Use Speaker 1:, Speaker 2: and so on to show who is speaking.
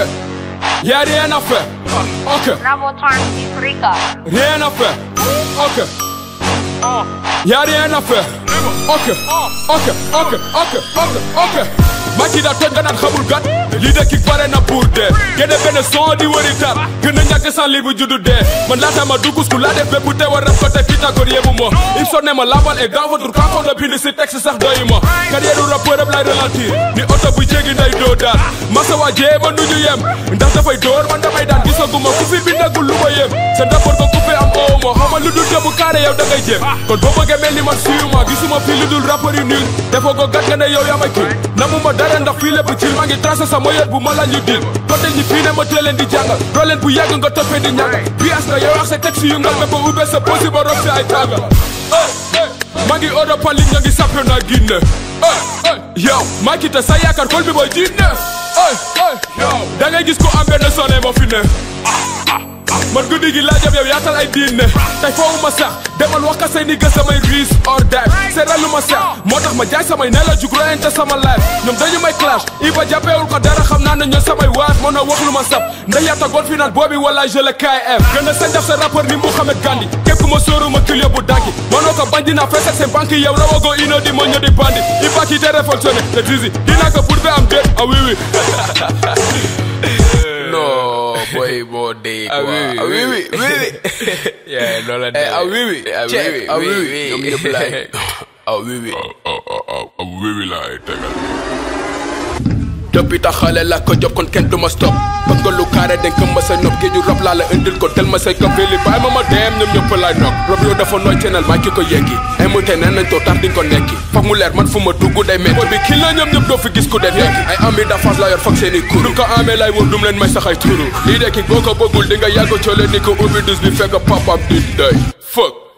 Speaker 1: Okay. Yeah, det är Okay. affe. Okay. Det är en affe. Okay. Yeah, det är en affe. Okay. Okay, okay, okay, okay, okay. Makida tenga na gat. Lida ki pare na burde Gene bene so di wori tar Gene nyake sa libu judu de Man lata ma dugu skula de bepute warap catégorie bu ma Ibson ne ma laabal et dans votre cas kon la bind si texte sax doyu ma carrière u rappeur ab lay ralentir ni oto bu jéggi nday doo daan masa waa jéema nu ñu yem ndax dafay dóor man damay daan gisaguma ku fi bi lu ma yem sa rapport ko coupé am owo ma xama lu dul jëbu carré yow da ngay kon boo bëggee mel ni man suyu ma ma fi lu dul rappeur yu nul dafa ko gàtt ne yow yaa ma kii namu ma dara ndax fii lépp ci maa ngi tracé sa moyen bu ma laaj ñu dil ñi fii ma teel di jàng doo bu yàgg nga toppee di ñàkk bias nga yow ak sa taxi yu ngal ba ubbee sa posi ba rob si ay tànga eh, eh, maa ngi odo pali ña ngi sappe naa ginne yow maa kita sa yaakaar kol bi mooy jinne eh, da ngay gis ko am benn sone ma fi ne man guddi gi laa jam yow yaatal ay diine tey foofu ma sax demal wax ka say nigga samay riis or dive seeralu ma seex moo tax ma jaay samay nelaw jug royante sama life ñoom dañu may clash iba jàppeewul ko dara xam na ne ñoo samay waat mën a wax lu ma sab ndax yaa tagoon fi naan wala je le KF gën a sañ def sa rapport ni Mouhamed Gandhi képp ku ma sóoru ma kil yóbbu dàggi mënoo ko bañ dinaa feesal seen banque yow rawagoo ino di ma ño di bandi iba ki te réfonctionné te disi dinaa ko pour am déet ah oui oui more day, quoi. Ah oui, ah, oui, oui, oui. yeah, non, là, eh, ah oui, oui. Ah oui, oui. Ah oui, oui. Comme il est blague. Ah oui, oui. Ah, ah, ah, ah oui, oui, là, t'es dëpp yi taxale la ko job kon kenn du ma stop bëgg nga lu kaare dañ ko mës a nopp gi ñu rab laa la indil ko tel ma say ko fili bàyyi ma ma dem ñoom ñëpp laay nokk rob yoo dafa nooy channel. maa ki ko yeggi imité nee nañ too tar di ko nekki fag mu leer man fu ma dugg day metti bi kii la ñoom ñëpp doo fi gis ku def yeggi ay ami d'avance la yor fag seen i kuru duñ ko amee lay wër dum leen may saxay turu lii dekki boo ko bëggul di nga yàgg coole ni ko ubbi dus bi fekk papam di day fuck